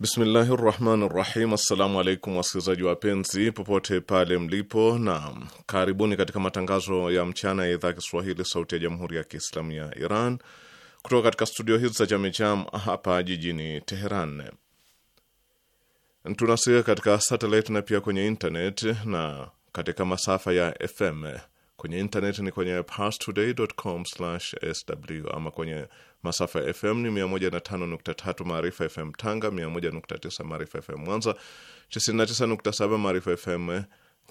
Bismillahi rahmani rahim. Assalamu alaikum wasikilizaji wapenzi popote pale mlipo, na karibuni katika matangazo ya mchana ya idhaa Kiswahili sauti ya jamhuri ya Kiislamu ya Iran kutoka katika studio hizi za Jamejam hapa jijini Teheran. Tunasikia katika satellite na pia kwenye internet na katika masafa ya FM. Kwenye internet ni kwenye parstoday.com/sw ama kwenye masafa ya FM ni 105.3 Maarifa FM Tanga, 101.9 Maarifa FM Mwanza, 99.7 Maarifa FM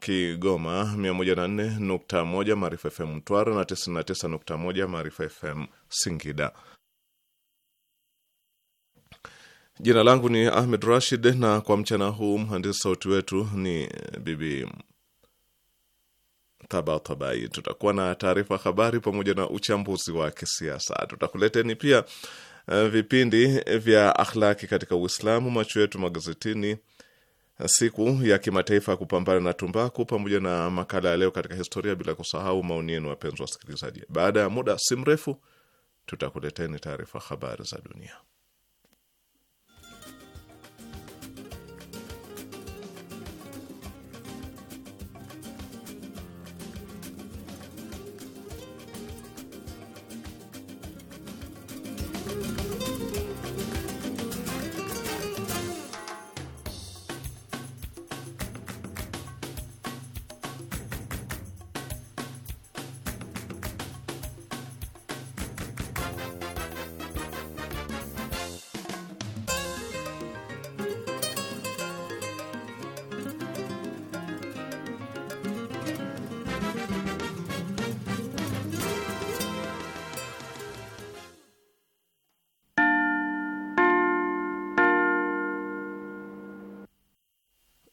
Kigoma, 104.1 Maarifa FM Mtwara na 99.1 Maarifa FM Singida. Jina langu ni Ahmed Rashid, na kwa mchana huu mhandisi sauti wetu ni Bibi Tabatabai. Tutakuwa na taarifa habari pamoja na uchambuzi wa kisiasa. Tutakuleteni pia eh, vipindi vya akhlaki katika Uislamu, macho yetu magazetini, siku ya kimataifa ya kupambana na tumbaku, pamoja na makala ya leo katika historia, bila kusahau maoni yenu, wapenzi wasikilizaji. Baada ya muda si mrefu, tutakuleteni taarifa habari za dunia.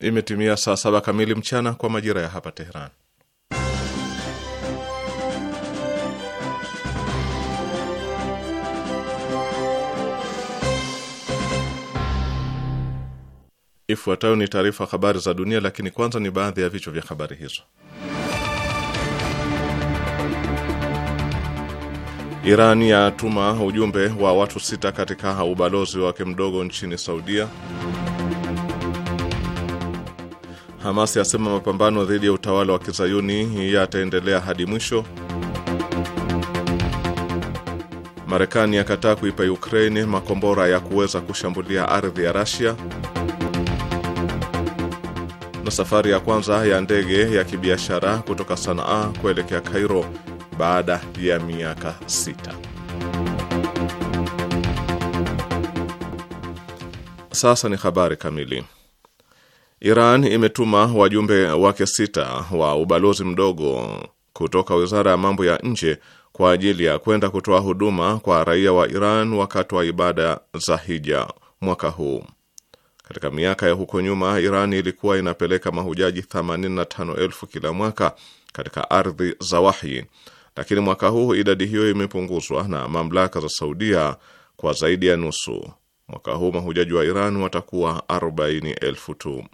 Imetimia saa saba kamili mchana kwa majira ya hapa Teheran. Ifuatayo ni taarifa habari za dunia, lakini kwanza ni baadhi ya vichwa vya habari hizo. Iran yatuma ujumbe wa watu sita katika ubalozi wake mdogo nchini Saudia. Hamas yasema mapambano dhidi ya utawala wa kizayuni yataendelea hadi mwisho. Marekani yakataa kuipa Ukraini makombora ya kuweza kushambulia ardhi ya Rasia. Na safari ya kwanza ya ndege ya kibiashara kutoka Sanaa kuelekea Kairo baada ya miaka sita. Sasa ni habari kamili. Iran imetuma wajumbe wake sita wa ubalozi mdogo kutoka wizara ya mambo ya nje kwa ajili ya kwenda kutoa huduma kwa raia wa Iran wakati wa ibada za hija mwaka huu. Katika miaka ya huko nyuma, Iran ilikuwa inapeleka mahujaji 85,000 kila mwaka katika ardhi za wahi lakini mwaka huu idadi hiyo imepunguzwa na mamlaka za Saudia kwa zaidi ya nusu. Mwaka huu mahujaji wa Iran watakuwa 40,000 tu.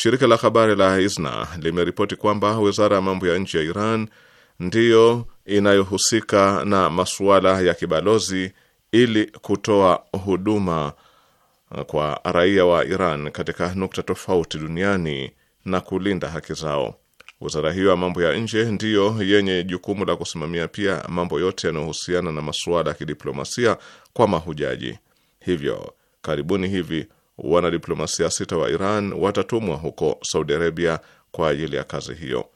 Shirika la habari la ISNA limeripoti kwamba wizara ya mambo ya nje ya Iran ndiyo inayohusika na masuala ya kibalozi ili kutoa huduma kwa raia wa Iran katika nukta tofauti duniani na kulinda haki zao. Wizara hiyo ya mambo ya nje ndiyo yenye jukumu la kusimamia pia mambo yote yanayohusiana na masuala ya kidiplomasia kwa mahujaji. Hivyo karibuni hivi wanadiplomasia sita wa Iran watatumwa huko Saudi Arabia kwa ajili ya kazi hiyo.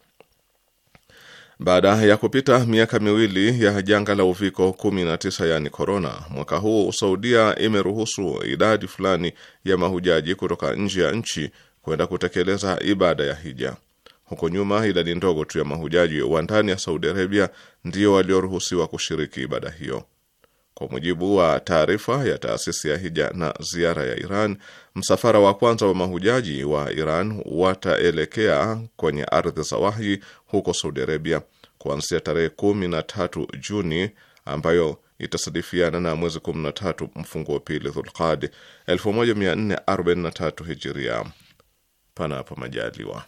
Baada ya kupita miaka miwili ya janga la uviko 19, yaani korona, mwaka huu Saudia imeruhusu idadi fulani ya mahujaji kutoka nje ya nchi kwenda kutekeleza ibada ya hija. Huko nyuma idadi ndogo tu ya mahujaji wa ndani ya Saudi Arabia ndio walioruhusiwa kushiriki ibada hiyo. Kwa mujibu wa taarifa ya taasisi ya hija na ziara ya Iran, msafara wa kwanza wa mahujaji wa Iran wataelekea kwenye ardhi za wahi huko Saudi Arabia kuanzia tarehe kumi na tatu Juni ambayo itasadifiana na mwezi 13 mfungo wa pili Dhulqad 1443 hijiria, panapo majaliwa.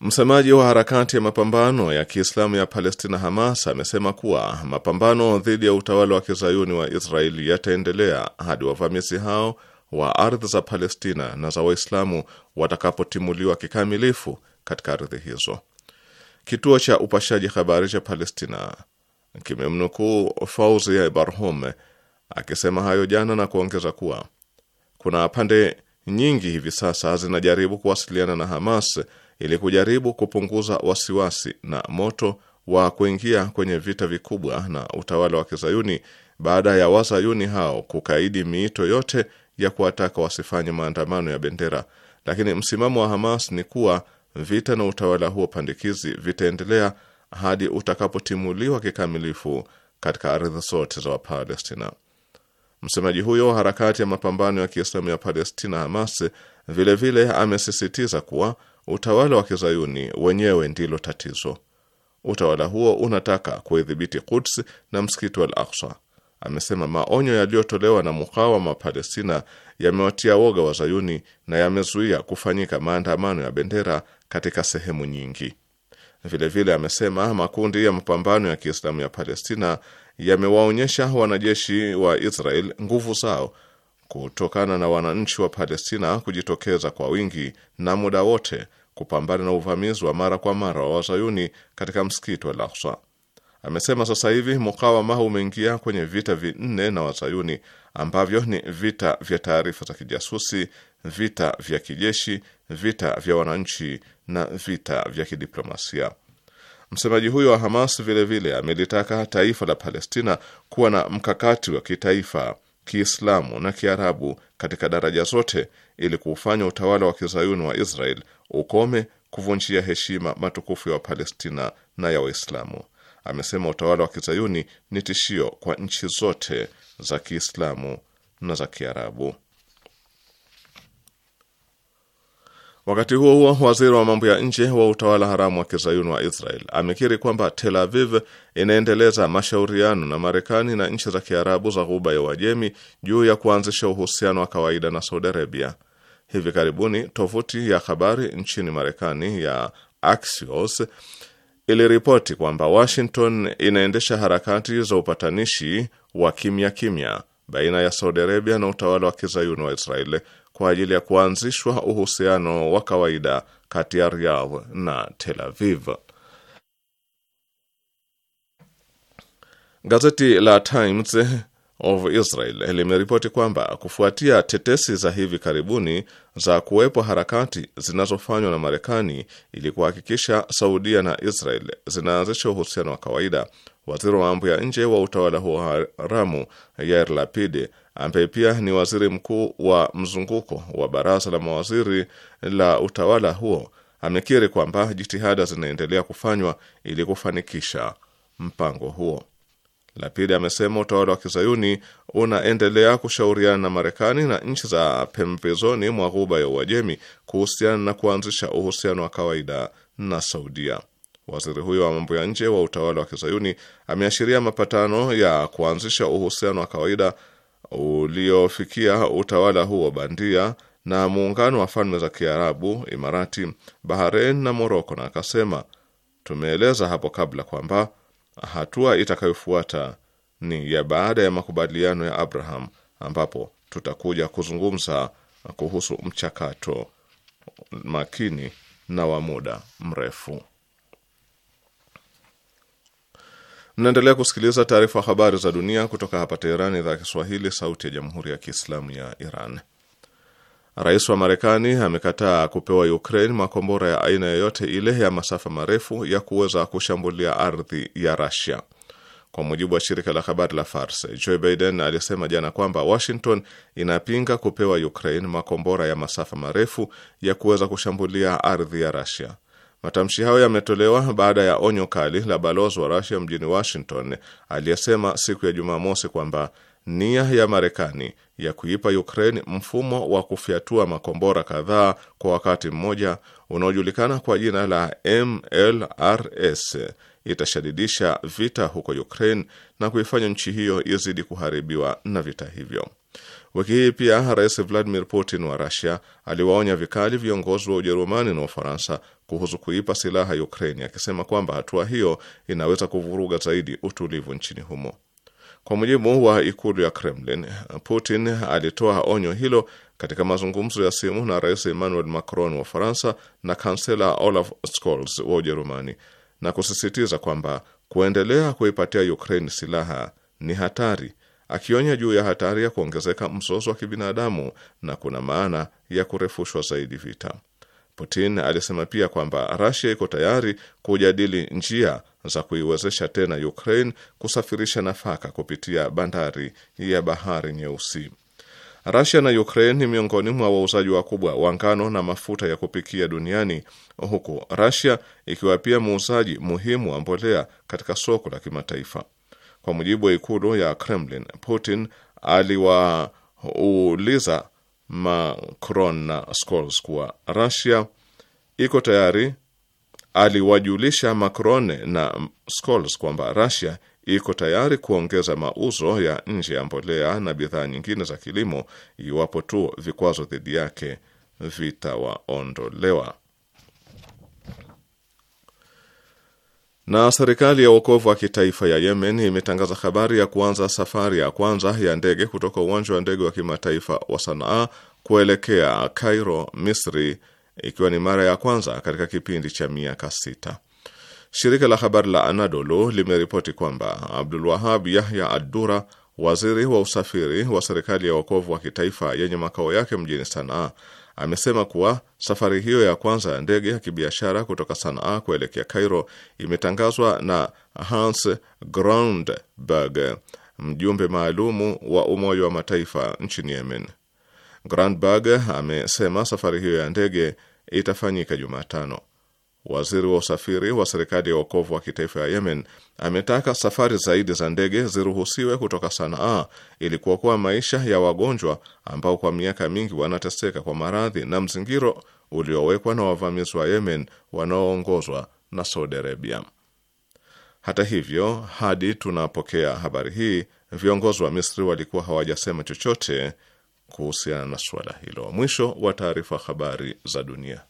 Msemaji wa harakati ya mapambano ya Kiislamu ya Palestina Hamas amesema kuwa mapambano dhidi ya utawala wa kizayuni wa Israeli yataendelea hadi wavamizi hao wa ardhi za Palestina na za Waislamu watakapotimuliwa kikamilifu katika ardhi hizo. Kituo cha upashaji habari cha Palestina kimemnukuu Fauzi ya Barhum akisema hayo jana na kuongeza kuwa kuna pande nyingi hivi sasa zinajaribu kuwasiliana na Hamas ili kujaribu kupunguza wasiwasi na moto wa kuingia kwenye vita vikubwa na utawala wa kizayuni baada ya wazayuni hao kukaidi miito yote ya kuwataka wasifanye maandamano ya bendera. Lakini msimamo wa Hamas ni kuwa vita na utawala huo pandikizi vitaendelea hadi utakapotimuliwa kikamilifu katika ardhi zote za Wapalestina. Msemaji huyo wa harakati ya mapambano ya Kiislamu ya Palestina, Hamas, vilevile vile amesisitiza kuwa Utawala wa kizayuni wenyewe ndilo tatizo. Utawala huo unataka kuidhibiti Quds na msikiti wal Aksa. Amesema maonyo yaliyotolewa na mukawama Palestina yamewatia woga wazayuni na yamezuia kufanyika maandamano ya bendera katika sehemu nyingi. Vilevile vile amesema makundi ya mapambano ya Kiislamu ya Palestina yamewaonyesha wanajeshi wa Israel nguvu zao kutokana na wananchi wa Palestina kujitokeza kwa wingi na muda wote kupambana na uvamizi wa mara kwa mara wa wazayuni katika msikiti wa Al-Aqsa. Amesema sasa hivi mukawama umeingia kwenye vita vinne na wazayuni ambavyo ni vita vya taarifa za kijasusi, vita vya kijeshi, vita vya wananchi na vita vya kidiplomasia. Msemaji huyo wa Hamas vilevile amelitaka taifa la Palestina kuwa na mkakati wa kitaifa, kiislamu na kiarabu katika daraja zote ili kuufanya utawala wa kizayuni wa Israel ukome kuvunjia heshima matukufu ya Wapalestina na ya Waislamu. Amesema utawala wa kizayuni ni tishio kwa nchi zote za Kiislamu na za Kiarabu. Wakati huo huo, waziri wa mambo ya nje wa utawala haramu wa kizayuni wa Israel amekiri kwamba Tel Aviv inaendeleza mashauriano na Marekani na nchi za Kiarabu za Ghuba ya Uajemi juu ya kuanzisha uhusiano wa kawaida na Saudi Arabia. Hivi karibuni tovuti ya habari nchini Marekani ya Axios iliripoti kwamba Washington inaendesha harakati za upatanishi wa kimya kimya baina ya Saudi Arabia na utawala wa kizayuni wa Israeli kwa ajili ya kuanzishwa uhusiano wa kawaida kati ya Riyadh na Tel Aviv. Gazeti la Times of Israel limeripoti kwamba kufuatia tetesi za hivi karibuni za kuwepo harakati zinazofanywa na Marekani ili kuhakikisha Saudia na Israel zinaanzisha uhusiano wa kawaida, waziri wa mambo ya nje wa utawala huo haramu Yair Lapid, ambaye pia ni waziri mkuu wa mzunguko wa baraza la mawaziri la utawala huo, amekiri kwamba jitihada zinaendelea kufanywa ili kufanikisha mpango huo. La pili, amesema utawala wa kizayuni unaendelea kushauriana na Marekani na nchi za pembezoni mwa ghuba ya Uajemi kuhusiana na kuanzisha uhusiano wa kawaida na Saudia. Waziri huyo wa mambo ya nje wa utawala wa kizayuni ameashiria mapatano ya kuanzisha uhusiano wa kawaida uliofikia utawala huo bandia na muungano wa falme za Kiarabu, Imarati, Bahrain na Moroko, na akasema tumeeleza hapo kabla kwamba hatua itakayofuata ni ya baada ya makubaliano ya Abraham, ambapo tutakuja kuzungumza kuhusu mchakato makini na wa muda mrefu. Mnaendelea kusikiliza taarifa habari za dunia kutoka hapa Teherani, idhaa ya Kiswahili, sauti ya jamhuri ya kiislamu ya Iran. Rais wa Marekani amekataa kupewa Ukraine makombora ya aina yoyote ile ya masafa marefu ya kuweza kushambulia ardhi ya Russia. Kwa mujibu wa shirika la habari la Fars, Joe Biden alisema jana kwamba Washington inapinga kupewa Ukraine makombora ya masafa marefu ya kuweza kushambulia ardhi ya Russia. Matamshi hayo yametolewa baada ya onyo kali la balozi wa Russia mjini Washington aliyesema siku ya Jumamosi kwamba nia ya Marekani ya kuipa Ukraine mfumo wa kufyatua makombora kadhaa kwa wakati mmoja unaojulikana kwa jina la MLRS itashadidisha vita huko Ukraine na kuifanya nchi hiyo izidi kuharibiwa na vita hivyo. Wiki hii pia Rais Vladimir Putin wa Russia aliwaonya vikali viongozi wa Ujerumani na Ufaransa kuhusu kuipa silaha Ukraine, akisema kwamba hatua hiyo inaweza kuvuruga zaidi utulivu nchini humo. Kwa mujibu wa ikulu ya Kremlin, Putin alitoa onyo hilo katika mazungumzo ya simu na Rais Emmanuel Macron wa Faransa na kansela Olaf Scholz wa Ujerumani na kusisitiza kwamba kuendelea kuipatia Ukraine silaha ni hatari, akionya juu ya hatari ya kuongezeka mzozo wa kibinadamu na kuna maana ya kurefushwa zaidi vita. Putin alisema pia kwamba Russia iko tayari kujadili njia za kuiwezesha tena Ukraine kusafirisha nafaka kupitia bandari ya bahari Nyeusi. rusia na Ukraine ni miongoni mwa wauzaji wakubwa wa ngano na mafuta ya kupikia duniani, huku rasia ikiwa pia muuzaji muhimu wa mbolea katika soko la kimataifa. Kwa mujibu wa ikulu ya Kremlin, Putin aliwauliza Macron na Scholz kuwa rusia iko tayari aliwajulisha Macron na Scholz kwamba Russia iko tayari kuongeza mauzo ya nje ya mbolea na bidhaa nyingine za kilimo iwapo tu vikwazo dhidi yake vitawaondolewa. Na serikali ya uokovu wa kitaifa ya Yemen imetangaza habari ya kuanza safari ya kwanza ya ndege kutoka uwanja wa ndege wa kimataifa wa Sanaa kuelekea Cairo, Misri ikiwa ni mara ya kwanza katika kipindi cha miaka sita. Shirika la habari la Anadolu limeripoti kwamba Abdul Wahab Yahya Addura, waziri wa usafiri wa serikali ya wokovu wa kitaifa yenye makao yake mjini Sanaa, amesema kuwa safari hiyo ya kwanza ya ndege ya kibiashara kutoka Sanaa kuelekea Cairo imetangazwa na Hans Grundberg, mjumbe maalumu wa Umoja wa Mataifa nchini Yemen. Grundberg amesema safari hiyo ya ndege itafanyika Jumatano. Waziri wa usafiri wa serikali ya wokovu wa kitaifa ya Yemen ametaka safari zaidi za ndege ziruhusiwe kutoka Sanaa ili kuokoa maisha ya wagonjwa ambao kwa miaka mingi wanateseka kwa maradhi na mzingiro uliowekwa na wavamizi wa Yemen wanaoongozwa na Saudi Arabia. Hata hivyo, hadi tunapokea habari hii, viongozi wa Misri walikuwa hawajasema chochote kuhusiana na suala hilo. Mwisho wa taarifa. Habari za dunia.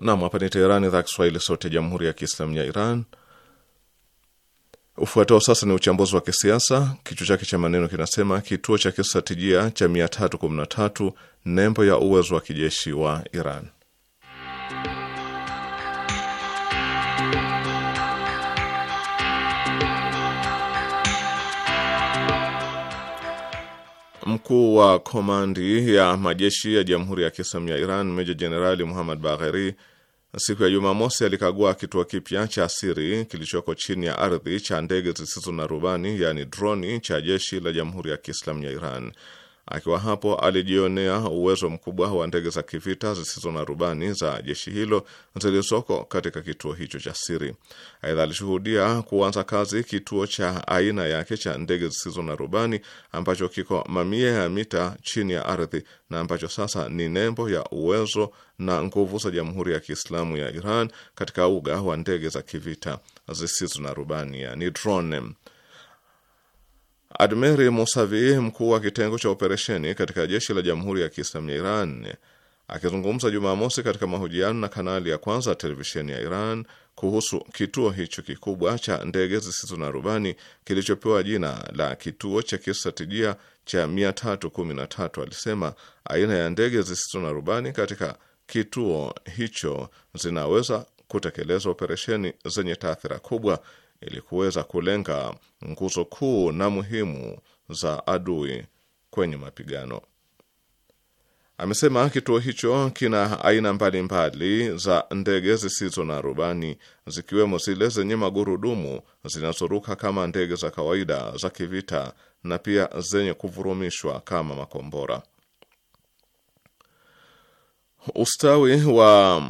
Nam, hapa ni Teherani, idhaa Kiswahili, sauti ya jamhuri ya kiislamu ya Iran. Ufuatao sasa ni uchambuzi wa kisiasa, kichwa chake cha maneno kinasema kituo cha kistratejia cha 313 nembo ya uwezo wa kijeshi wa Iran. Mkuu wa komandi ya majeshi ya jamhuri ya kiislamu ya Iran, meja jenerali Muhammad Bagheri siku ya Jumamosi alikagua kituo kipya cha siri kilichoko chini ya ardhi cha ndege zisizo na rubani, yaani droni, cha jeshi la Jamhuri ya Kiislamu ya Iran Akiwa hapo alijionea uwezo mkubwa wa ndege za kivita zisizo na rubani za jeshi hilo zilizoko katika kituo hicho cha siri. Aidha, alishuhudia kuanza kazi kituo cha aina yake cha ndege zisizo na rubani ambacho kiko mamia ya mita chini ya ardhi na ambacho sasa ni nembo ya uwezo na nguvu za Jamhuri ya Kiislamu ya Iran katika uga wa ndege za kivita zisizo na rubani, yani drone. Admeri Musavi, mkuu wa kitengo cha operesheni katika jeshi la Jamhuri ya Kiislam ya Iran, akizungumza Jumamosi katika mahojiano na kanali ya kwanza ya televisheni ya Iran kuhusu kituo hicho kikubwa cha ndege zisizo na rubani kilichopewa jina la kituo cha kistratejia cha 313 alisema aina ya ndege zisizo na rubani katika kituo hicho zinaweza kutekeleza operesheni zenye taathira kubwa ili kuweza kulenga nguzo kuu na muhimu za adui kwenye mapigano. Amesema kituo hicho kina aina mbalimbali za ndege zisizo na rubani zikiwemo zile zenye magurudumu zinazoruka kama ndege za kawaida za kivita na pia zenye kuvurumishwa kama makombora. Ustawi wa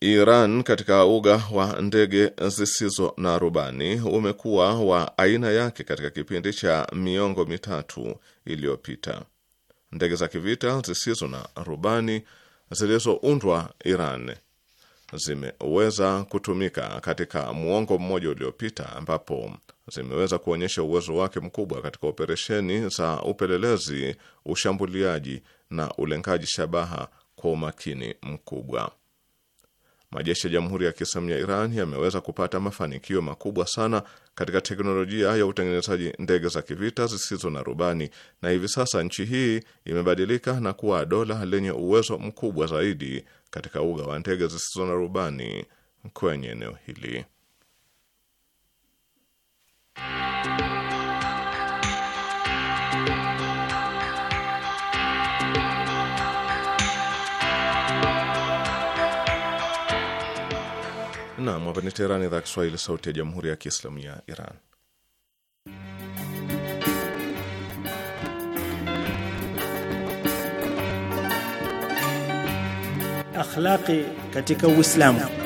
Iran katika uga wa ndege zisizo na rubani umekuwa wa aina yake katika kipindi cha miongo mitatu iliyopita. Ndege za kivita zisizo na rubani zilizoundwa Iran zimeweza kutumika katika muongo mmoja uliopita, ambapo zimeweza kuonyesha uwezo wake mkubwa katika operesheni za upelelezi, ushambuliaji na ulengaji shabaha kwa umakini mkubwa. Majeshi ya Jamhuri ya Kiislamu ya Iran yameweza kupata mafanikio makubwa sana katika teknolojia ya utengenezaji ndege za kivita zisizo na rubani, na hivi sasa nchi hii imebadilika na kuwa dola lenye uwezo mkubwa zaidi katika uga wa ndege zisizo na rubani kwenye eneo hili. Naam, hapa ni Teherani, idhaa Kiswahili, sauti ya jamhuri ya kiislamu ya Iran. Akhlaqi katika Uislamu.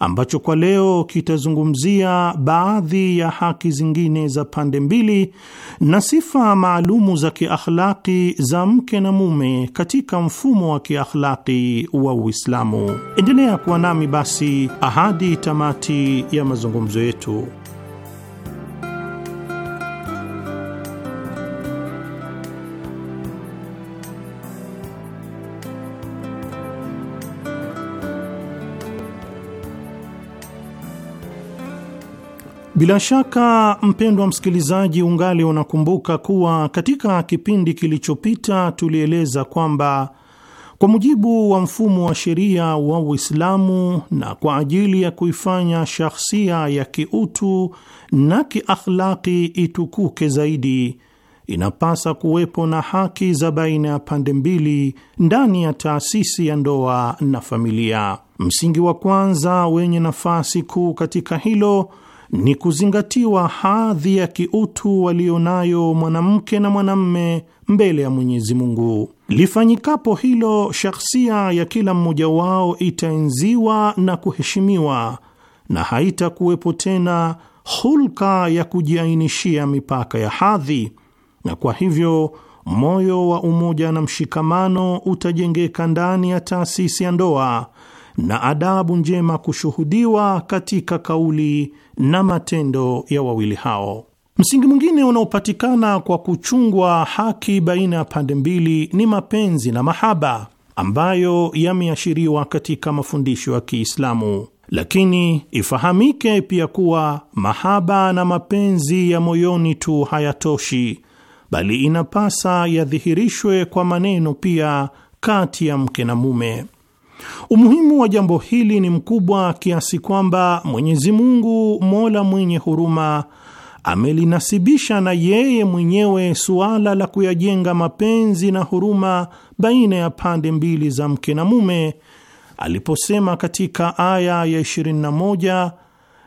ambacho kwa leo kitazungumzia baadhi ya haki zingine za pande mbili na sifa maalumu za kiakhlaki za mke na mume katika mfumo wa kiakhlaki wa Uislamu. Endelea kuwa nami basi ahadi tamati ya mazungumzo yetu. Bila shaka mpendwa msikilizaji, ungali unakumbuka kuwa katika kipindi kilichopita tulieleza kwamba kwa mujibu wa mfumo wa sheria wa Uislamu na kwa ajili ya kuifanya shahsia ya kiutu na kiakhlaki itukuke zaidi, inapasa kuwepo na haki za baina ya pande mbili ndani ya taasisi ya ndoa na familia. Msingi wa kwanza wenye nafasi kuu katika hilo ni kuzingatiwa hadhi ya kiutu walionayo mwanamke na mwanamme mbele ya Mwenyezi Mungu. Lifanyikapo hilo, shakhsia ya kila mmoja wao itaenziwa na kuheshimiwa na haitakuwepo tena hulka ya kujiainishia mipaka ya hadhi, na kwa hivyo moyo wa umoja na mshikamano utajengeka ndani ya taasisi ya ndoa na adabu njema kushuhudiwa katika kauli na matendo ya wawili hao. Msingi mwingine unaopatikana kwa kuchungwa haki baina ya pande mbili ni mapenzi na mahaba ambayo yameashiriwa katika mafundisho ya Kiislamu. Lakini ifahamike pia kuwa mahaba na mapenzi ya moyoni tu hayatoshi, bali inapasa yadhihirishwe kwa maneno pia kati ya mke na mume. Umuhimu wa jambo hili ni mkubwa kiasi kwamba Mwenyezi Mungu Mola mwenye huruma amelinasibisha na yeye mwenyewe suala la kuyajenga mapenzi na huruma baina ya pande mbili za mke na mume aliposema katika aya ya 21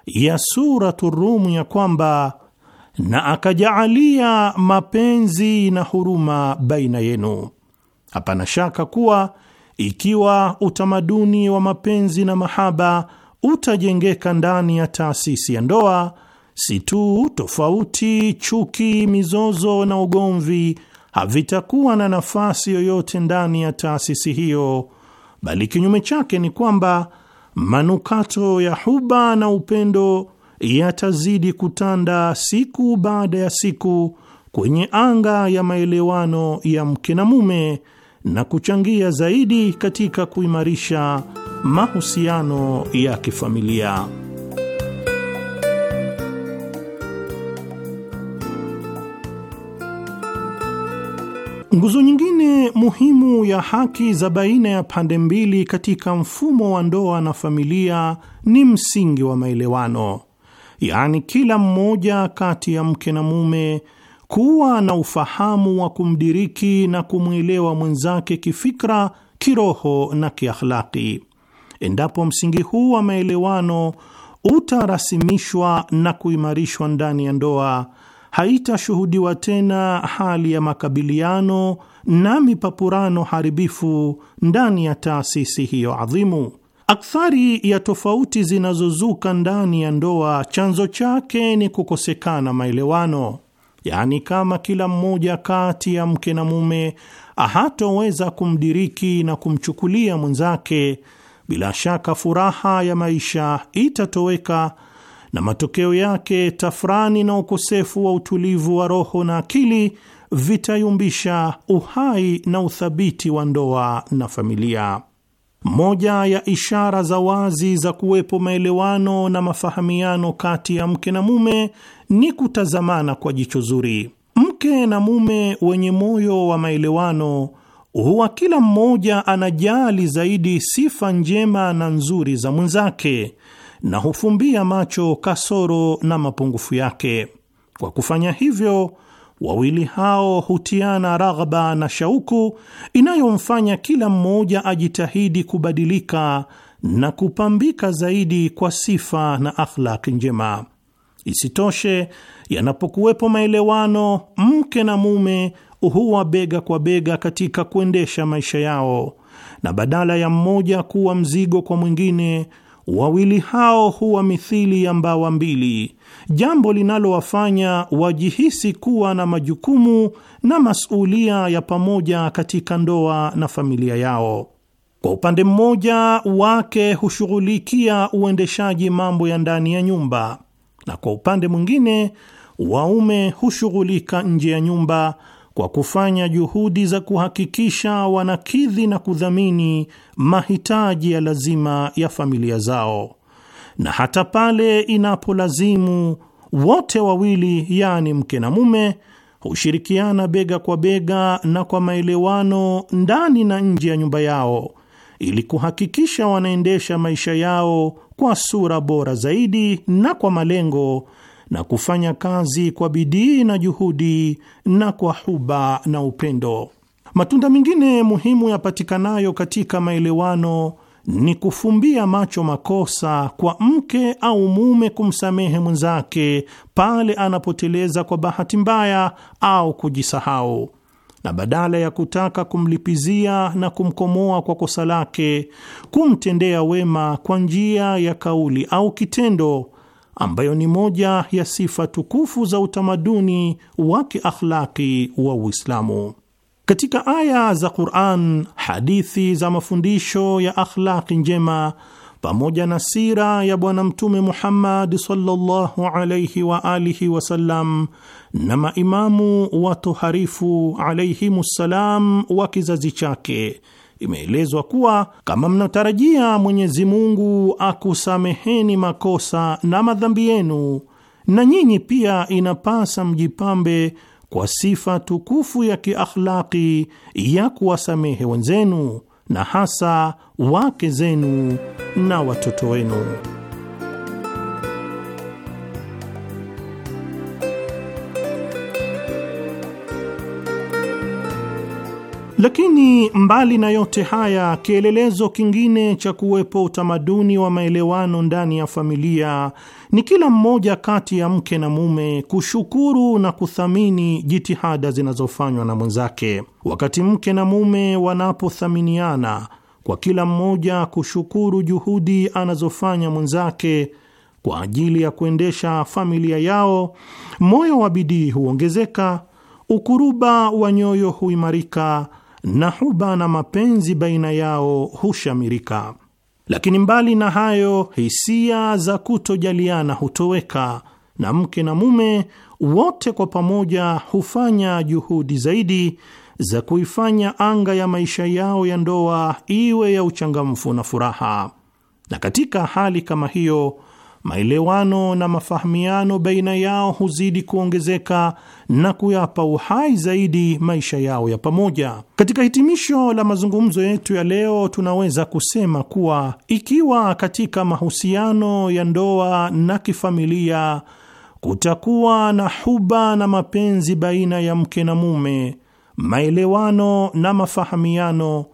ya Suratu Rumu ya kwamba na akajaalia mapenzi na huruma baina yenu. Hapana shaka kuwa ikiwa utamaduni wa mapenzi na mahaba utajengeka ndani ya taasisi ya ndoa, si tu tofauti, chuki, mizozo na ugomvi havitakuwa na nafasi yoyote ndani ya taasisi hiyo, bali kinyume chake ni kwamba manukato ya huba na upendo yatazidi kutanda siku baada ya siku kwenye anga ya maelewano ya mke na mume na kuchangia zaidi katika kuimarisha mahusiano ya kifamilia. Nguzo nyingine muhimu ya haki za baina ya pande mbili katika mfumo wa ndoa na familia ni msingi wa maelewano, yaani kila mmoja kati ya mke na mume kuwa na ufahamu wa kumdiriki na kumwelewa mwenzake kifikra, kiroho na kiakhlaki. Endapo msingi huu wa maelewano utarasimishwa na kuimarishwa ndani ya ndoa, haitashuhudiwa tena hali ya makabiliano na mipapurano haribifu ndani ya taasisi hiyo adhimu. Akthari ya tofauti zinazozuka ndani ya ndoa, chanzo chake ni kukosekana maelewano yaani kama kila mmoja kati ya mke na mume ahatoweza kumdiriki na kumchukulia mwenzake, bila shaka furaha ya maisha itatoweka na matokeo yake tafrani na ukosefu wa utulivu wa roho na akili vitayumbisha uhai na uthabiti wa ndoa na familia. Moja ya ishara za wazi za kuwepo maelewano na mafahamiano kati ya mke na mume ni kutazamana kwa jicho zuri. Mke na mume wenye moyo wa maelewano huwa kila mmoja anajali zaidi sifa njema na nzuri za mwenzake na hufumbia macho kasoro na mapungufu yake. Kwa kufanya hivyo Wawili hao hutiana raghaba na shauku inayomfanya kila mmoja ajitahidi kubadilika na kupambika zaidi kwa sifa na akhlaki njema. Isitoshe, yanapokuwepo maelewano, mke na mume huwa bega kwa bega katika kuendesha maisha yao, na badala ya mmoja kuwa mzigo kwa mwingine wawili hao huwa mithili ya mbawa mbili, jambo linalowafanya wajihisi kuwa na majukumu na masulia ya pamoja katika ndoa na familia yao. Kwa upande mmoja, wake hushughulikia uendeshaji mambo ya ndani ya nyumba, na kwa upande mwingine, waume hushughulika nje ya nyumba kwa kufanya juhudi za kuhakikisha wanakidhi na kudhamini mahitaji ya lazima ya familia zao, na hata pale inapolazimu, wote wawili, yaani mke na mume, hushirikiana bega kwa bega na kwa maelewano ndani na nje ya nyumba yao ili kuhakikisha wanaendesha maisha yao kwa sura bora zaidi na kwa malengo na kufanya kazi kwa bidii na juhudi na kwa huba na upendo. Matunda mengine muhimu yapatikanayo katika maelewano ni kufumbia macho makosa kwa mke au mume kumsamehe mwenzake pale anapoteleza kwa bahati mbaya au kujisahau, na badala ya kutaka kumlipizia na kumkomoa kwa kosa lake, kumtendea wema kwa njia ya kauli au kitendo ambayo ni moja ya sifa tukufu za utamaduni wa kiakhlaki wa Uislamu. Katika aya za Qur'an, hadithi za mafundisho ya akhlaki njema pamoja na sira ya Bwana Mtume Muhammad sallallahu alayhi wa alihi wasallam na maimamu watoharifu ssalam wa kizazi chake imeelezwa kuwa kama mnatarajia Mwenyezi Mungu akusameheni makosa na madhambi yenu, na nyinyi pia inapasa mjipambe kwa sifa tukufu ya kiakhlaki ya kuwasamehe wenzenu na hasa wake zenu na watoto wenu. Lakini mbali na yote haya, kielelezo kingine cha kuwepo utamaduni wa maelewano ndani ya familia ni kila mmoja kati ya mke na mume kushukuru na kuthamini jitihada zinazofanywa na mwenzake. Wakati mke na mume wanapothaminiana kwa kila mmoja kushukuru juhudi anazofanya mwenzake kwa ajili ya kuendesha familia yao, moyo wa bidii huongezeka, ukuruba wa nyoyo huimarika na huba na mapenzi baina yao hushamirika. Lakini mbali na hayo, hisia za kutojaliana hutoweka na mke na mume wote kwa pamoja hufanya juhudi zaidi za kuifanya anga ya maisha yao ya ndoa iwe ya uchangamfu na furaha. Na katika hali kama hiyo maelewano na mafahamiano baina yao huzidi kuongezeka na kuyapa uhai zaidi maisha yao ya pamoja. Katika hitimisho la mazungumzo yetu ya leo, tunaweza kusema kuwa ikiwa katika mahusiano ya ndoa na kifamilia kutakuwa na huba na mapenzi baina ya mke na mume, maelewano na mafahamiano,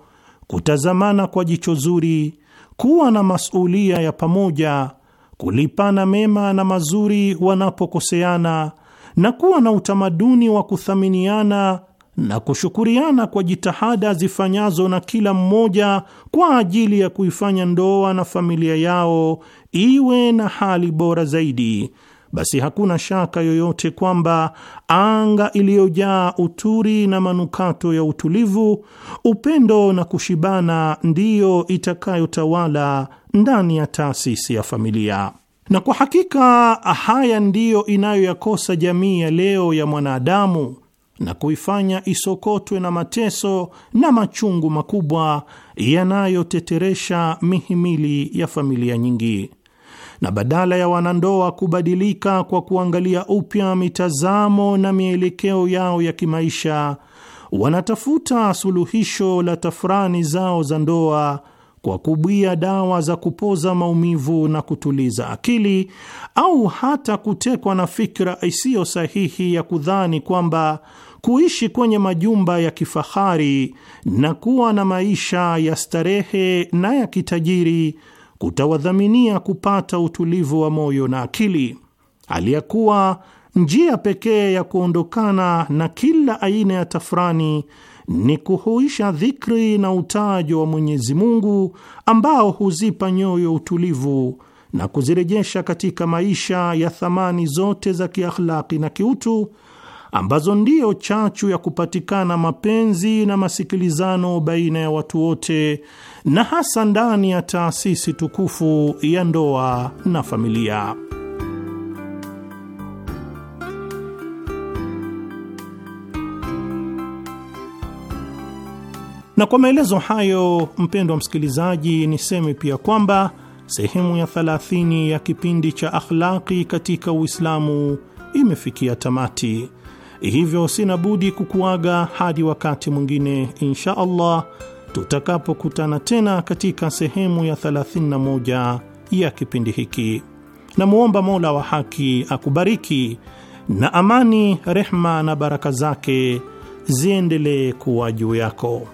kutazamana kwa jicho zuri, kuwa na masuulia ya pamoja kulipana mema na mazuri wanapokoseana na kuwa na utamaduni wa kuthaminiana na kushukuriana kwa jitihada zifanyazo na kila mmoja kwa ajili ya kuifanya ndoa na familia yao iwe na hali bora zaidi basi hakuna shaka yoyote kwamba anga iliyojaa uturi na manukato ya utulivu, upendo na kushibana ndiyo itakayotawala ndani ya taasisi ya familia. Na kwa hakika haya ndiyo inayoyakosa jamii ya leo ya mwanadamu na kuifanya isokotwe na mateso na machungu makubwa yanayoteteresha mihimili ya familia nyingi na badala ya wanandoa kubadilika kwa kuangalia upya mitazamo na mielekeo yao ya kimaisha, wanatafuta suluhisho la tafurani zao za ndoa kwa kubwia dawa za kupoza maumivu na kutuliza akili, au hata kutekwa na fikra isiyo sahihi ya kudhani kwamba kuishi kwenye majumba ya kifahari na kuwa na maisha ya starehe na ya kitajiri kutawadhaminia kupata utulivu wa moyo na akili, aliyakuwa njia pekee ya kuondokana na kila aina ya tafrani ni kuhuisha dhikri na utajo wa Mwenyezi Mungu ambao huzipa nyoyo utulivu na kuzirejesha katika maisha ya thamani zote za kiakhlaki na kiutu ambazo ndiyo chachu ya kupatikana mapenzi na masikilizano baina ya watu wote na hasa ndani ya taasisi tukufu ya ndoa na familia. Na kwa maelezo hayo, wa msikilizaji, niseme pia kwamba sehemu ya thalathini ya kipindi cha akhlaqi katika Uislamu imefikia tamati. Hivyo sina budi kukuaga hadi wakati mwingine insha Allah tutakapokutana tena katika sehemu ya 31 ya kipindi hiki. Namwomba Mola wa haki akubariki na amani, rehma na baraka zake ziendelee kuwa juu yako.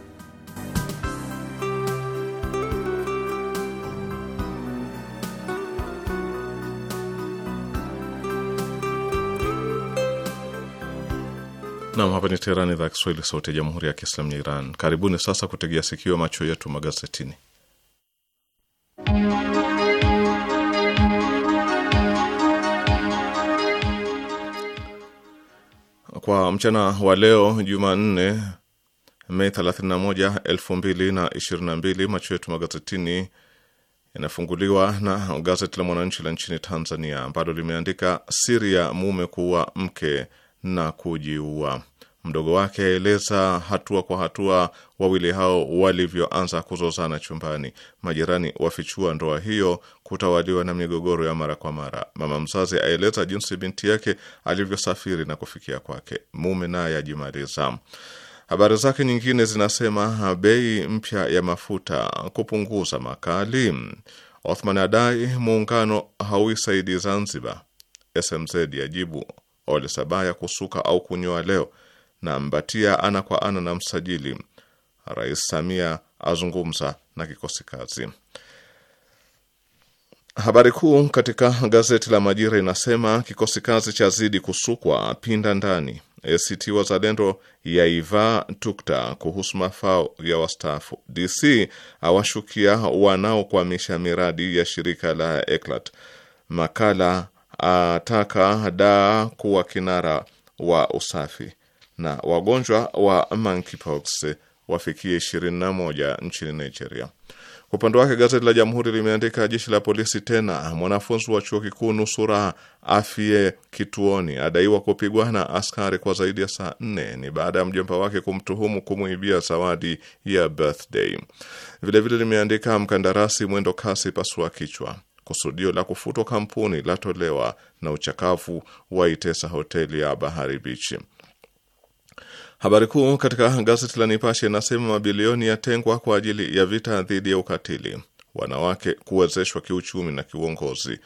Nam, hapa ni Teherani, idhaa Kiswahili, sauti ya jamhuri ya kiislamu ya Iran. Karibuni sasa kutegea sikio, macho yetu magazetini. Kwa mchana wa leo Jumanne, Mei 31, 2022, macho yetu magazetini inafunguliwa na gazeti la Mwananchi la nchini Tanzania ambalo limeandika siri ya mume kuua mke na kujiua mdogo wake aeleza hatua kwa hatua wawili hao walivyoanza kuzozana chumbani. Majirani wafichua ndoa hiyo kutawaliwa na migogoro ya mara kwa mara. Mama mzazi aeleza jinsi binti yake alivyosafiri na kufikia kwake. Mume naye ajimaliza. Habari zake nyingine zinasema bei mpya ya mafuta kupunguza makali. Othman adai muungano hauisaidi Zanzibar. SMZ yajibu Ole Sabaya kusuka au kunyoa leo na Mbatia ana kwa ana na msajili. Rais Samia azungumza na kikosi kazi. Habari kuu katika gazeti la Majira inasema kikosi kazi cha zidi kusukwa pinda ndani. ACT Wazalendo yaivaa tukta kuhusu mafao ya wastaafu. DC awashukia wanaokwamisha miradi ya shirika la Eclat. Makala ataka daa kuwa kinara wa usafi na wagonjwa wa monkeypox wafikie 21 nchini Nigeria. Kwa upande wake gazeti la Jamhuri limeandika jeshi la polisi tena, mwanafunzi wa chuo kikuu nusura afie kituoni, adaiwa kupigwa na askari kwa zaidi ya saa nne. Ni baada ya mjomba wake kumtuhumu kumwibia zawadi ya birthday. Vilevile limeandika mkandarasi mwendo kasi pasua kichwa, kusudio la kufutwa kampuni latolewa, na uchakavu waitesa hoteli ya Bahari Bichi. Habari kuu katika gazeti la Nipashe inasema mabilioni yatengwa kwa ajili ya vita dhidi ya ukatili, wanawake kuwezeshwa kiuchumi na kiuongozi,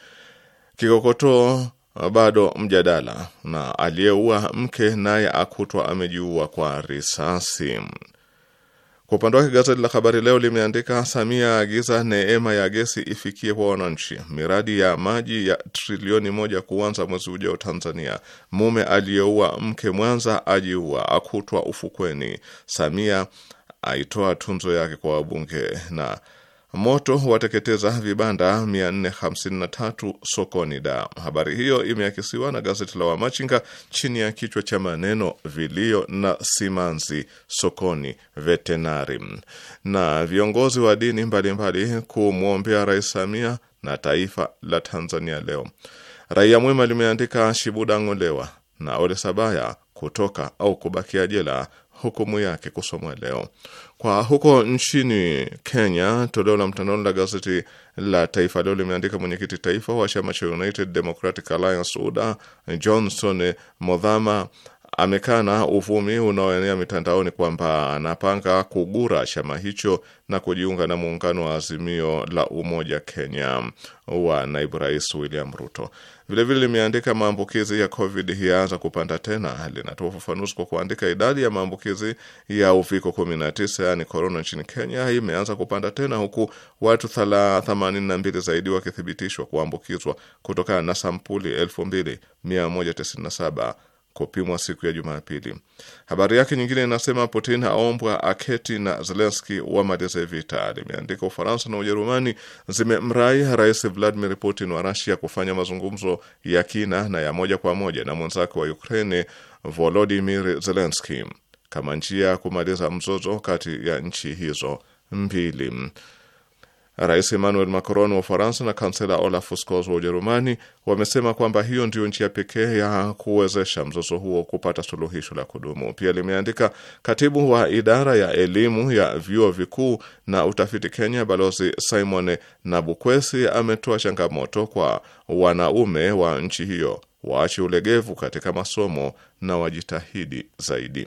kikokotoo uh, bado mjadala, na aliyeua mke naye akutwa amejiua kwa risasi. Kwa upande wake gazeti la Habari Leo limeandika Samia aagiza neema ya gesi ifikie kwa wananchi, miradi ya maji ya trilioni moja kuanza mwezi ujao Tanzania, mume aliyeua mke Mwanza ajiua akutwa ufukweni, Samia aitoa tunzo yake kwa wabunge na Moto wateketeza vibanda 453 sokoni da. Habari hiyo imeakisiwa na gazeti la Wamachinga chini ya kichwa cha maneno vilio na simanzi sokoni vetenari, na viongozi wa dini mbalimbali kumwombea Rais Samia na taifa la Tanzania leo. Raia Mwema limeandika Shibuda ng'olewa na Ole Sabaya kutoka au kubakia jela, hukumu yake kusomwa leo. Kwa huko nchini Kenya, toleo la mtandaoni la gazeti la Taifa Leo limeandika mwenyekiti taifa wa chama cha United Democratic Alliance UDA Johnson Modhama amekana uvumi unaoenea mitandaoni kwamba anapanga kugura chama hicho na kujiunga na muungano wa Azimio la Umoja Kenya wa naibu rais William Ruto. Vilevile limeandika maambukizi ya COVID yaanza kupanda tena. Linatoa ufafanuzi kwa kuandika idadi ya maambukizi ya uviko 19 yaani korona nchini Kenya imeanza kupanda tena, huku watu 82 zaidi wakithibitishwa kuambukizwa kutokana na sampuli 2197 kupimwa siku ya Jumapili. Habari yake nyingine inasema Putin aombwa aketi na Zelenski wamalize vita. Limeandika Ufaransa na Ujerumani zimemrai Rais Vladimir Putin wa Rasia kufanya mazungumzo ya kina na ya moja kwa moja na mwenzake wa Ukraini Volodimir Zelenski kama njia ya kumaliza mzozo kati ya nchi hizo mbili. Rais Emmanuel Macron wa Ufaransa na kansela Olaf Scholz wa Ujerumani wamesema kwamba hiyo ndiyo njia pekee ya kuwezesha mzozo huo kupata suluhisho la kudumu. Pia limeandika katibu wa idara ya elimu ya vyuo vikuu na utafiti Kenya, Balozi Simon Nabukwesi ametoa changamoto kwa wanaume wa nchi hiyo waache ulegevu katika masomo na wajitahidi zaidi.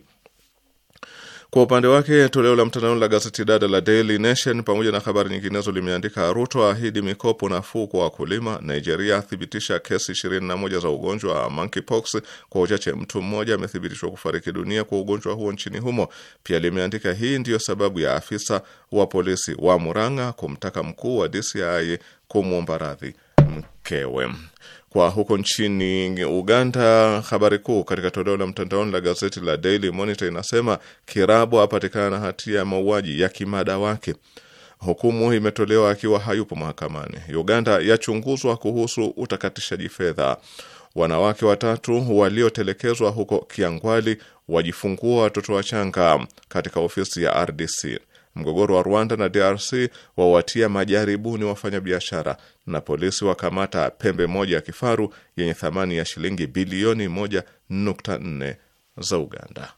Kwa upande wake toleo la mtandaoni la gazeti dada la Daily Nation pamoja na habari nyinginezo limeandika Ruto ahidi mikopo nafuu kwa wakulima, Nigeria athibitisha kesi 21 za ugonjwa wa monkeypox, kwa uchache mtu mmoja amethibitishwa kufariki dunia kwa ugonjwa huo nchini humo. Pia limeandika hii ndiyo sababu ya afisa wa polisi wa Murang'a kumtaka mkuu wa DCI kumwomba radhi mkewe. Kwa huko nchini Uganda, habari kuu katika toleo la mtandaoni la gazeti la Daily Monitor inasema Kirabo apatikana na hatia ya mauaji ya kimada wake. Hukumu imetolewa akiwa hayupo mahakamani. Uganda yachunguzwa kuhusu utakatishaji fedha. Wanawake watatu waliotelekezwa huko Kiangwali wajifungua watoto wachanga katika ofisi ya RDC. Mgogoro wa Rwanda na DRC wawatia majaribuni wafanyabiashara, na polisi wakamata pembe moja ya kifaru yenye thamani ya shilingi bilioni 1.4 za Uganda.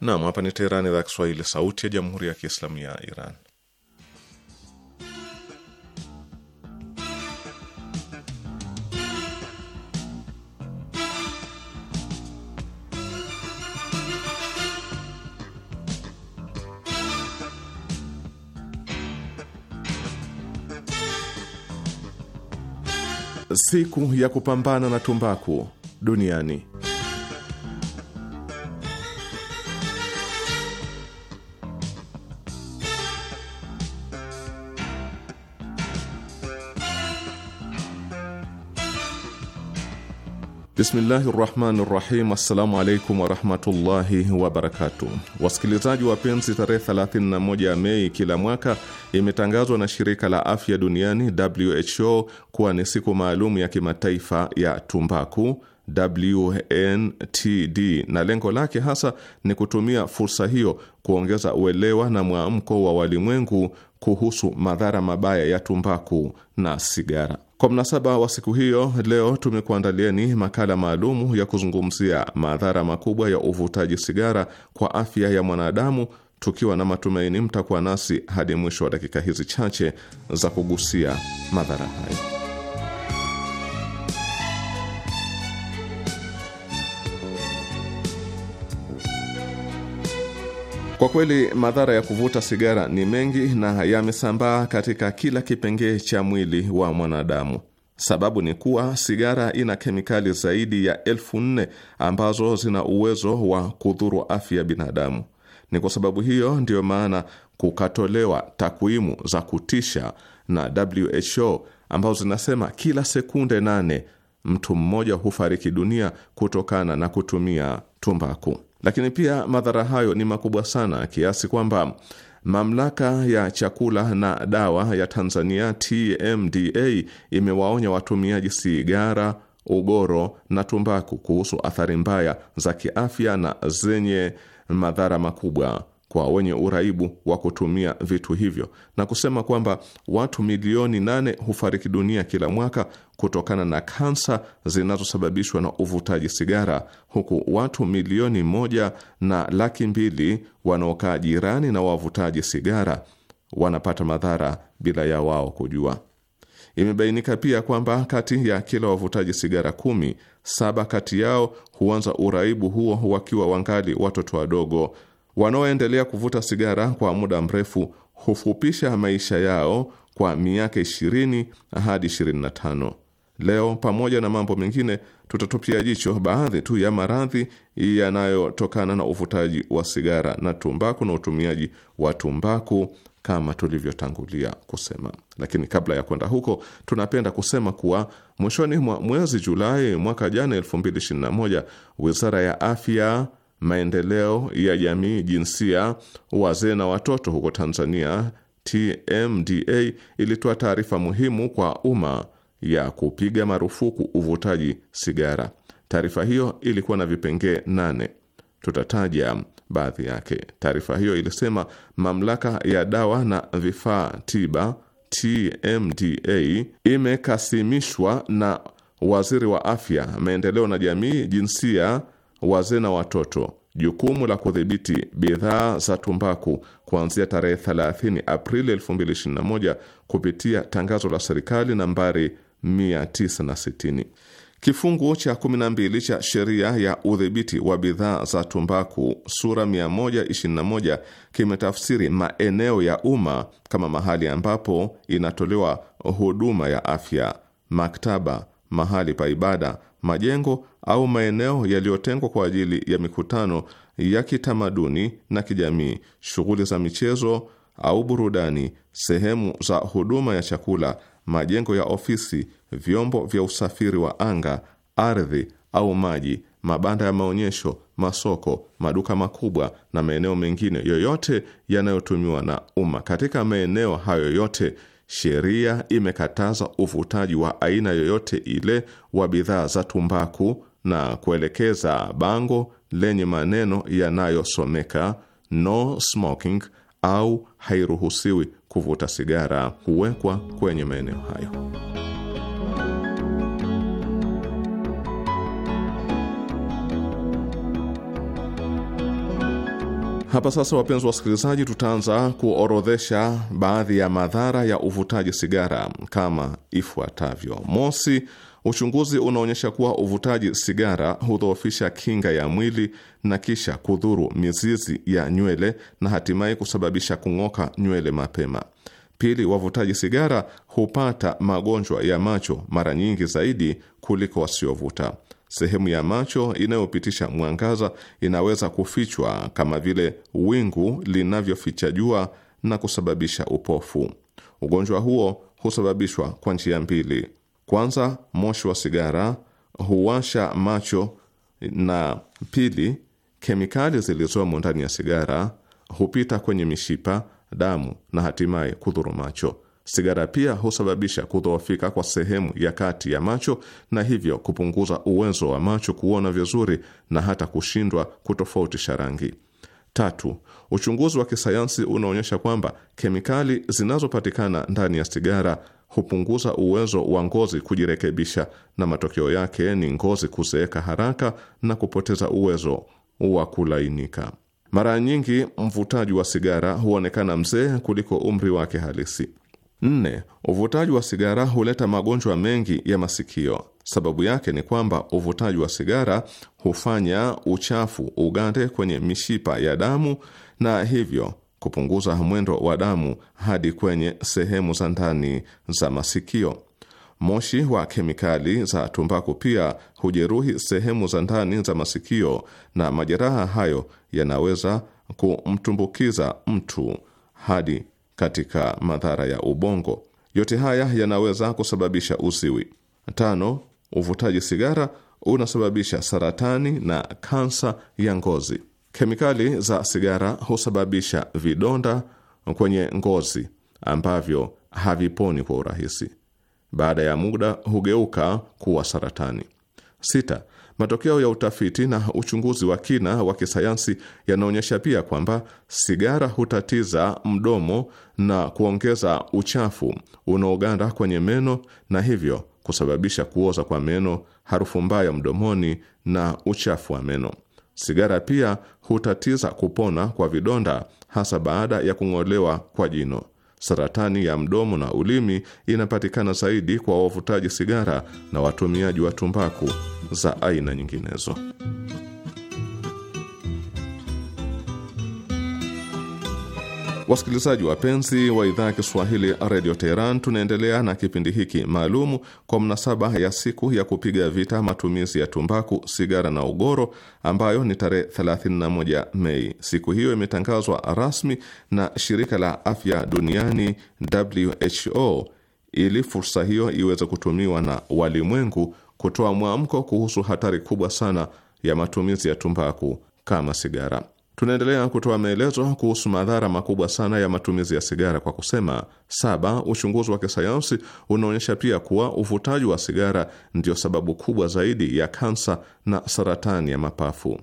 Naam, hapa ni Teherani, idhaa ya Kiswahili, sauti ya jamhuri ya kiislamu ya Iran. siku ya kupambana na tumbaku duniani. Bismillahi rahmani rahim. Assalamu alaikum warahmatullahi wabarakatuh. Wasikilizaji wapenzi, tarehe 31 Mei kila mwaka imetangazwa na shirika la afya duniani WHO kuwa ni siku maalum ya kimataifa ya tumbaku WNTD na lengo lake hasa ni kutumia fursa hiyo kuongeza uelewa na mwamko wa walimwengu kuhusu madhara mabaya ya tumbaku na sigara. Kwa mnasaba wa siku hiyo, leo tumekuandalieni makala maalumu ya kuzungumzia madhara makubwa ya uvutaji sigara kwa afya ya mwanadamu, tukiwa na matumaini mtakuwa nasi hadi mwisho wa dakika hizi chache za kugusia madhara hayo. Kwa kweli madhara ya kuvuta sigara ni mengi na yamesambaa katika kila kipengee cha mwili wa mwanadamu. Sababu ni kuwa sigara ina kemikali zaidi ya elfu nne ambazo zina uwezo wa kudhuru afya ya binadamu. Ni kwa sababu hiyo ndiyo maana kukatolewa takwimu za kutisha na WHO ambazo zinasema kila sekunde nane mtu mmoja hufariki dunia kutokana na kutumia tumbaku. Lakini pia madhara hayo ni makubwa sana kiasi kwamba mamlaka ya chakula na dawa ya Tanzania TMDA imewaonya watumiaji sigara, ugoro na tumbaku kuhusu athari mbaya za kiafya na zenye madhara makubwa kwa wenye uraibu wa kutumia vitu hivyo na kusema kwamba watu milioni nane hufariki dunia kila mwaka kutokana na kansa zinazosababishwa na uvutaji sigara, huku watu milioni moja na laki mbili wanaokaa jirani na wavutaji sigara wanapata madhara bila ya wao kujua. Imebainika pia kwamba kati ya kila wavutaji sigara kumi, saba kati yao huanza uraibu huo wakiwa wangali watoto wadogo Wanaoendelea kuvuta sigara kwa muda mrefu hufupisha maisha yao kwa miaka 20 hadi 25. Leo pamoja na mambo mengine tutatupia jicho baadhi tu ya maradhi yanayotokana na uvutaji wa sigara na tumbaku na utumiaji wa tumbaku kama tulivyotangulia kusema. Lakini kabla ya kwenda huko, tunapenda kusema kuwa mwishoni mwa mwezi Julai mwaka jana 2021, Wizara ya Afya maendeleo ya jamii, jinsia, wazee na watoto huko Tanzania, TMDA, ilitoa taarifa muhimu kwa umma ya kupiga marufuku uvutaji sigara. Taarifa hiyo ilikuwa na vipengee nane, tutataja baadhi yake. Taarifa hiyo ilisema mamlaka ya dawa na vifaa tiba TMDA imekasimishwa na waziri wa afya, maendeleo na jamii, jinsia wazee na watoto jukumu la kudhibiti bidhaa za tumbaku kuanzia tarehe 30 Aprili 2021 kupitia tangazo la serikali nambari 960. Kifungu cha 12 cha sheria ya udhibiti wa bidhaa za tumbaku sura 121 kimetafsiri maeneo ya umma kama mahali ambapo inatolewa huduma ya afya, maktaba, mahali pa ibada, majengo au maeneo yaliyotengwa kwa ajili ya mikutano ya kitamaduni na kijamii, shughuli za michezo au burudani, sehemu za huduma ya chakula, majengo ya ofisi, vyombo vya usafiri wa anga, ardhi au maji, mabanda ya maonyesho, masoko, maduka makubwa na maeneo mengine yoyote yanayotumiwa na umma. Katika maeneo hayo yote sheria imekataza uvutaji wa aina yoyote ile wa bidhaa za tumbaku na kuelekeza bango lenye maneno yanayosomeka no smoking au hairuhusiwi kuvuta sigara kuwekwa kwenye maeneo hayo. Hapa sasa, wapenzi wasikilizaji, tutaanza kuorodhesha baadhi ya madhara ya uvutaji sigara kama ifuatavyo: mosi, Uchunguzi unaonyesha kuwa uvutaji sigara hudhoofisha kinga ya mwili na kisha kudhuru mizizi ya nywele na hatimaye kusababisha kung'oka nywele mapema. Pili, wavutaji sigara hupata magonjwa ya macho mara nyingi zaidi kuliko wasiovuta. Sehemu ya macho inayopitisha mwangaza inaweza kufichwa kama vile wingu linavyoficha jua na kusababisha upofu. Ugonjwa huo husababishwa kwa njia mbili: kwanza, moshi wa sigara huwasha macho, na pili, kemikali zilizomo ndani ya sigara hupita kwenye mishipa, damu na hatimaye kudhuru macho. Sigara pia husababisha kudhoofika kwa sehemu ya kati ya macho na hivyo kupunguza uwezo wa macho kuona vizuri na hata kushindwa kutofautisha rangi. Tatu, uchunguzi wa kisayansi unaonyesha kwamba kemikali zinazopatikana ndani ya sigara hupunguza uwezo wa ngozi kujirekebisha, na matokeo yake ni ngozi kuzeeka haraka na kupoteza uwezo wa kulainika. Mara nyingi mvutaji wa sigara huonekana mzee kuliko umri wake halisi. Nne, uvutaji wa sigara huleta magonjwa mengi ya masikio. Sababu yake ni kwamba uvutaji wa sigara hufanya uchafu ugande kwenye mishipa ya damu na hivyo kupunguza mwendo wa damu hadi kwenye sehemu za ndani za masikio. Moshi wa kemikali za tumbaku pia hujeruhi sehemu za ndani za masikio, na majeraha hayo yanaweza kumtumbukiza mtu hadi katika madhara ya ubongo. Yote haya yanaweza kusababisha uziwi. Tano, uvutaji sigara unasababisha saratani na kansa ya ngozi. Kemikali za sigara husababisha vidonda kwenye ngozi ambavyo haviponi kwa urahisi. Baada ya muda hugeuka kuwa saratani. Sita, matokeo ya utafiti na uchunguzi wa kina wa kisayansi yanaonyesha pia kwamba sigara hutatiza mdomo na kuongeza uchafu unaoganda kwenye meno na hivyo kusababisha kuoza kwa meno, harufu mbaya mdomoni na uchafu wa meno. Sigara pia hutatiza kupona kwa vidonda, hasa baada ya kung'olewa kwa jino. Saratani ya mdomo na ulimi inapatikana zaidi kwa wavutaji sigara na watumiaji wa tumbaku za aina nyinginezo. Wasikilizaji wapenzi wa idhaa ya Kiswahili redio Teheran, tunaendelea na kipindi hiki maalumu kwa mnasaba ya siku ya kupiga vita matumizi ya tumbaku, sigara na ugoro, ambayo ni tarehe 31 Mei. Siku hiyo imetangazwa rasmi na shirika la afya duniani WHO ili fursa hiyo iweze kutumiwa na walimwengu kutoa mwamko kuhusu hatari kubwa sana ya matumizi ya tumbaku kama sigara. Tunaendelea kutoa maelezo kuhusu madhara makubwa sana ya matumizi ya sigara kwa kusema: saba, uchunguzi wa kisayansi unaonyesha pia kuwa uvutaji wa sigara ndiyo sababu kubwa zaidi ya kansa na saratani ya mapafu.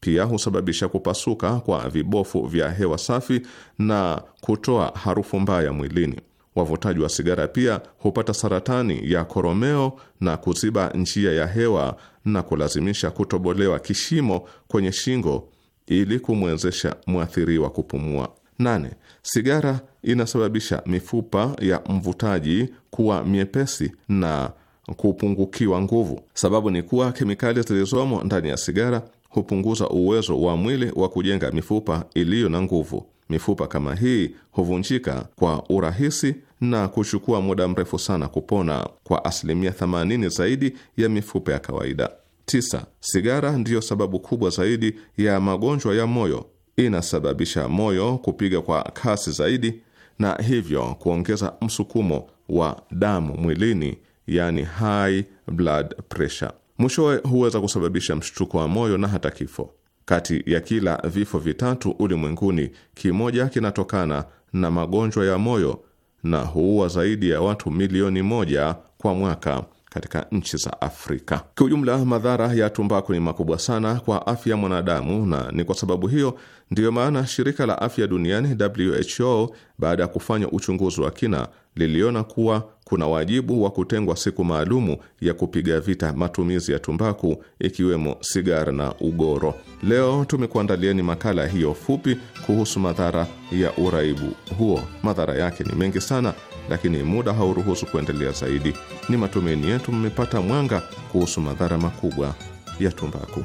Pia husababisha kupasuka kwa vibofu vya hewa safi na kutoa harufu mbaya mwilini. Wavutaji wa sigara pia hupata saratani ya koromeo na kuziba njia ya hewa na kulazimisha kutobolewa kishimo kwenye shingo ili kumwezesha mwathiriwa kupumua. Nane, sigara inasababisha mifupa ya mvutaji kuwa miepesi na kupungukiwa nguvu. Sababu ni kuwa kemikali zilizomo ndani ya sigara hupunguza uwezo wa mwili wa kujenga mifupa iliyo na nguvu. Mifupa kama hii huvunjika kwa urahisi na kuchukua muda mrefu sana kupona kwa asilimia 80 zaidi ya mifupa ya kawaida. Tisa, sigara ndiyo sababu kubwa zaidi ya magonjwa ya moyo. Inasababisha moyo kupiga kwa kasi zaidi na hivyo kuongeza msukumo wa damu mwilini, yani high blood pressure. Mwishowe huweza kusababisha mshtuko wa moyo na hata kifo. Kati ya kila vifo vitatu ulimwenguni, kimoja kinatokana na magonjwa ya moyo na huua zaidi ya watu milioni moja kwa mwaka katika nchi za Afrika. Kiujumla, madhara ya tumbaku ni makubwa sana kwa afya ya mwanadamu, na ni kwa sababu hiyo Ndiyo maana shirika la afya duniani WHO, baada ya kufanya uchunguzi wa kina, liliona kuwa kuna wajibu wa kutengwa siku maalumu ya kupiga vita matumizi ya tumbaku ikiwemo sigara na ugoro. Leo tumekuandalieni makala hiyo fupi kuhusu madhara ya uraibu huo. Madhara yake ni mengi sana, lakini muda hauruhusu kuendelea zaidi. Ni matumaini yetu mmepata mwanga kuhusu madhara makubwa ya tumbaku.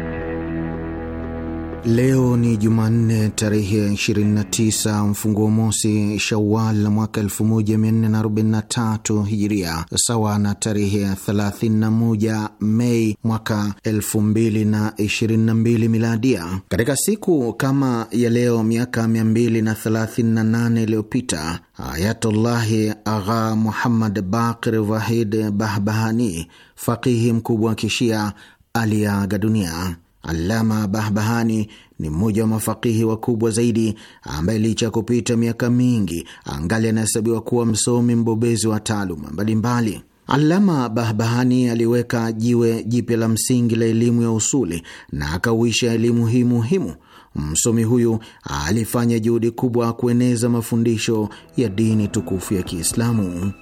Leo ni Jumanne tarehe 29 mfunguo mosi Shawal mwaka 1443 Hijiria, sawa na tarehe 31 Mei mwaka 2022 Miladia. Katika siku kama ya leo miaka 238 iliyopita Ayatullahi Agha Muhammad Baqir Wahid Bahbahani, fakihi mkubwa wa Kishia, aliaga dunia alama Bahbahani ni mmoja wa mafakihi wakubwa zaidi ambaye licha ya kupita miaka mingi angali anahesabiwa kuwa msomi mbobezi wa taaluma mbalimbali. alama Bahbahani aliweka jiwe jipya la msingi la elimu ya usuli na akauisha elimu hii muhimu. Msomi huyu alifanya juhudi kubwa kueneza mafundisho ya dini tukufu ya Kiislamu.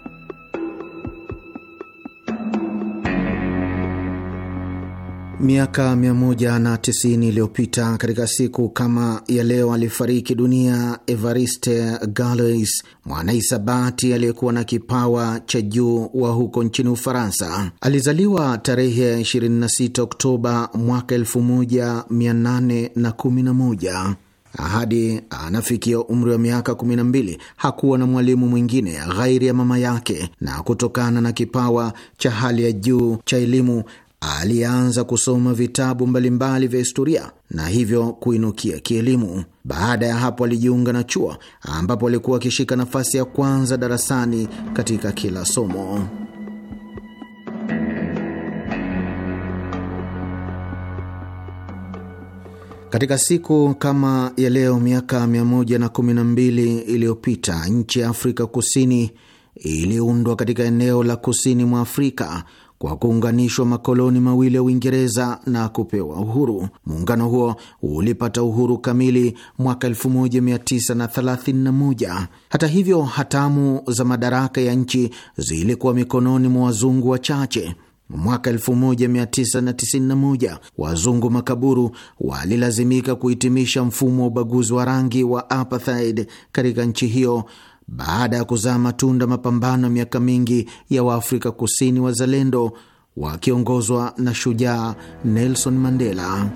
Miaka 190 iliyopita katika siku kama ya leo alifariki dunia Evariste Galois, mwanahisabati aliyekuwa na kipawa cha juu wa huko nchini Ufaransa. Alizaliwa tarehe 26 Oktoba mwaka 1811. Hadi anafikia umri wa miaka 12 hakuwa na mwalimu mwingine ghairi ya mama yake, na kutokana na kipawa cha hali ya juu cha elimu alianza kusoma vitabu mbalimbali vya historia na hivyo kuinukia kielimu. Baada ya hapo, alijiunga na chuo ambapo alikuwa akishika nafasi ya kwanza darasani katika kila somo. Katika siku kama ya leo miaka 112 iliyopita nchi ya Afrika Kusini iliundwa katika eneo la kusini mwa Afrika kwa kuunganishwa makoloni mawili ya Uingereza na kupewa uhuru. Muungano huo ulipata uhuru kamili mwaka 1931. Hata hivyo, hatamu za madaraka ya nchi zilikuwa mikononi mwa wazungu wachache. Mwaka 1991 wazungu makaburu walilazimika kuhitimisha mfumo wa ubaguzi wa rangi wa apartheid katika nchi hiyo baada ya kuzaa matunda mapambano ya miaka mingi ya Waafrika Kusini wazalendo wakiongozwa na shujaa Nelson Mandela.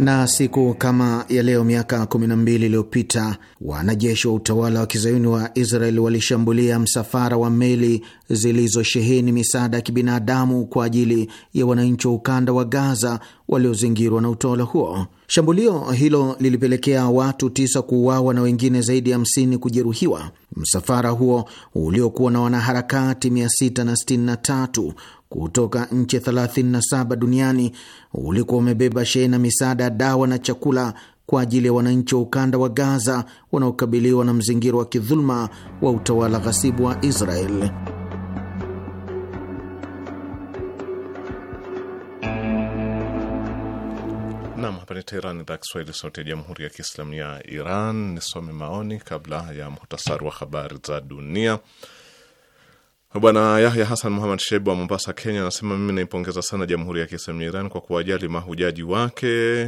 Na siku kama ya leo miaka 12 iliyopita wanajeshi wa utawala wa kizayuni wa Israel walishambulia msafara wa meli zilizosheheni misaada ya kibinadamu kwa ajili ya wananchi wa ukanda wa Gaza waliozingirwa na utawala huo. Shambulio hilo lilipelekea watu tisa kuuawa na wengine zaidi ya 50 kujeruhiwa. Msafara huo uliokuwa na wanaharakati 663 kutoka nchi 37 duniani ulikuwa umebeba shehena misaada ya dawa na chakula kwa ajili ya wananchi wa ukanda wa Gaza wanaokabiliwa na mzingiro wa kidhuluma wa utawala ghasibu wa Israel. Nam, hapa ni Teheran, idhaa Kiswahili, sauti ya jamhuri ya kiislamu ya Iran. Nisome maoni kabla ya muhtasari wa habari za dunia. Bwana Yahya Hasan Muhamad Shebe wa Mombasa, Kenya, anasema mimi naipongeza sana Jamhuri ya Kiislamu ya Iran kwa kuwajali mahujaji wake,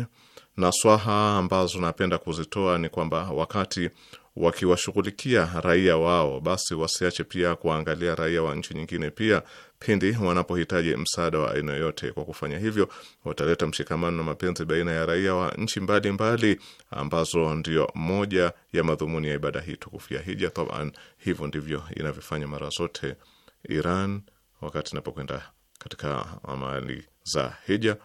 na swaha ambazo napenda kuzitoa ni kwamba wakati wakiwashughulikia raia wao, basi wasiache pia kuwaangalia raia wa nchi nyingine pia pindi wanapohitaji msaada wa aina yoyote. Kwa kufanya hivyo, wataleta mshikamano na mapenzi baina ya raia wa nchi mbalimbali, ambazo ndio moja ya madhumuni ya ibada hii tukufu ya hija. Taban, hivyo ndivyo inavyofanya mara zote Iran wakati napokwenda katika amali za hija,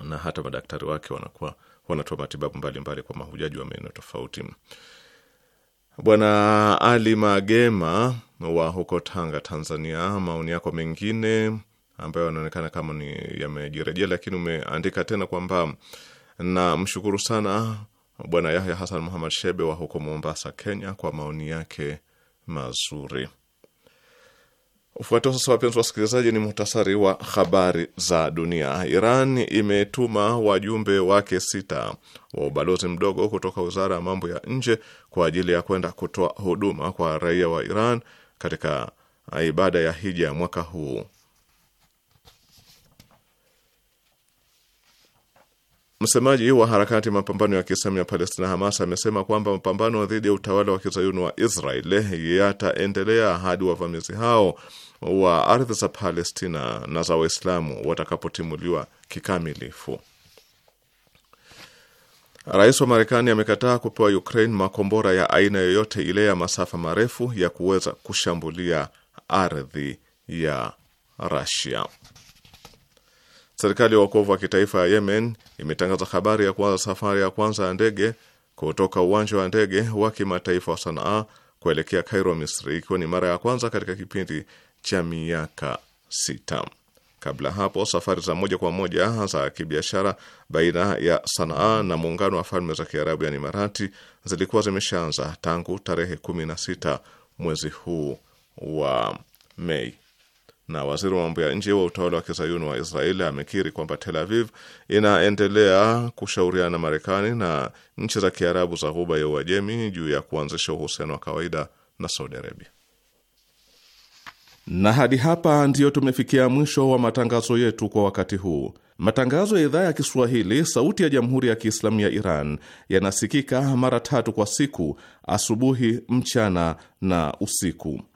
na hata madaktari wake wanakuwa wanatoa matibabu mbalimbali kwa mahujaji wa maeneo tofauti. Bwana Ali Magema wa huko Tanga, Tanzania, maoni yako mengine ambayo yanaonekana kama ni yamejirejea, lakini umeandika tena kwamba namshukuru sana Bwana Yahya Hassan Muhammad Shebe wa huko Mombasa, Kenya, kwa maoni yake mazuri. Ufuatao sasa, wapenzi wasikilizaji, ni muhtasari wa habari za dunia. Iran imetuma wajumbe wake sita wa ubalozi mdogo kutoka wizara ya mambo ya nje kwa ajili ya kwenda kutoa huduma kwa raia wa Iran katika ibada ya hija mwaka huu. Msemaji wa harakati mapambano ya Kiislamu ya Palestina Hamas amesema kwamba mapambano dhidi ya utawala wa kizayuni wa israel yataendelea hadi wavamizi hao wa ardhi za Palestina na za Waislamu watakapotimuliwa kikamilifu. Rais wa Marekani amekataa kupewa Ukraine makombora ya aina yoyote ile ya masafa marefu ya kuweza kushambulia ardhi ya rasia Serikali ya wokovu wa kitaifa ya Yemen imetangaza habari ya kuanza safari ya kwanza ya ndege kutoka uwanja wa ndege wa kimataifa wa Sanaa kuelekea Cairo, Misri, ikiwa ni mara ya kwanza katika kipindi cha miaka sita. Kabla hapo safari za moja kwa moja za kibiashara baina ya Sanaa na Muungano wa Falme za Kiarabu yani Imarati zilikuwa zimeshaanza tangu tarehe 16 mwezi huu wa Mei na waziri wa mambo ya nje wa utawala wa kizayuni wa Israeli amekiri kwamba Tel Aviv inaendelea kushauriana na Marekani na nchi za Kiarabu za Ghuba ya Uajemi juu ya kuanzisha uhusiano wa kawaida na Saudi Arabia. Na hadi hapa ndiyo tumefikia mwisho wa matangazo yetu kwa wakati huu. Matangazo ya idhaa ya Kiswahili sauti ya jamhuri ya Kiislamu ya Iran yanasikika mara tatu kwa siku: asubuhi, mchana na usiku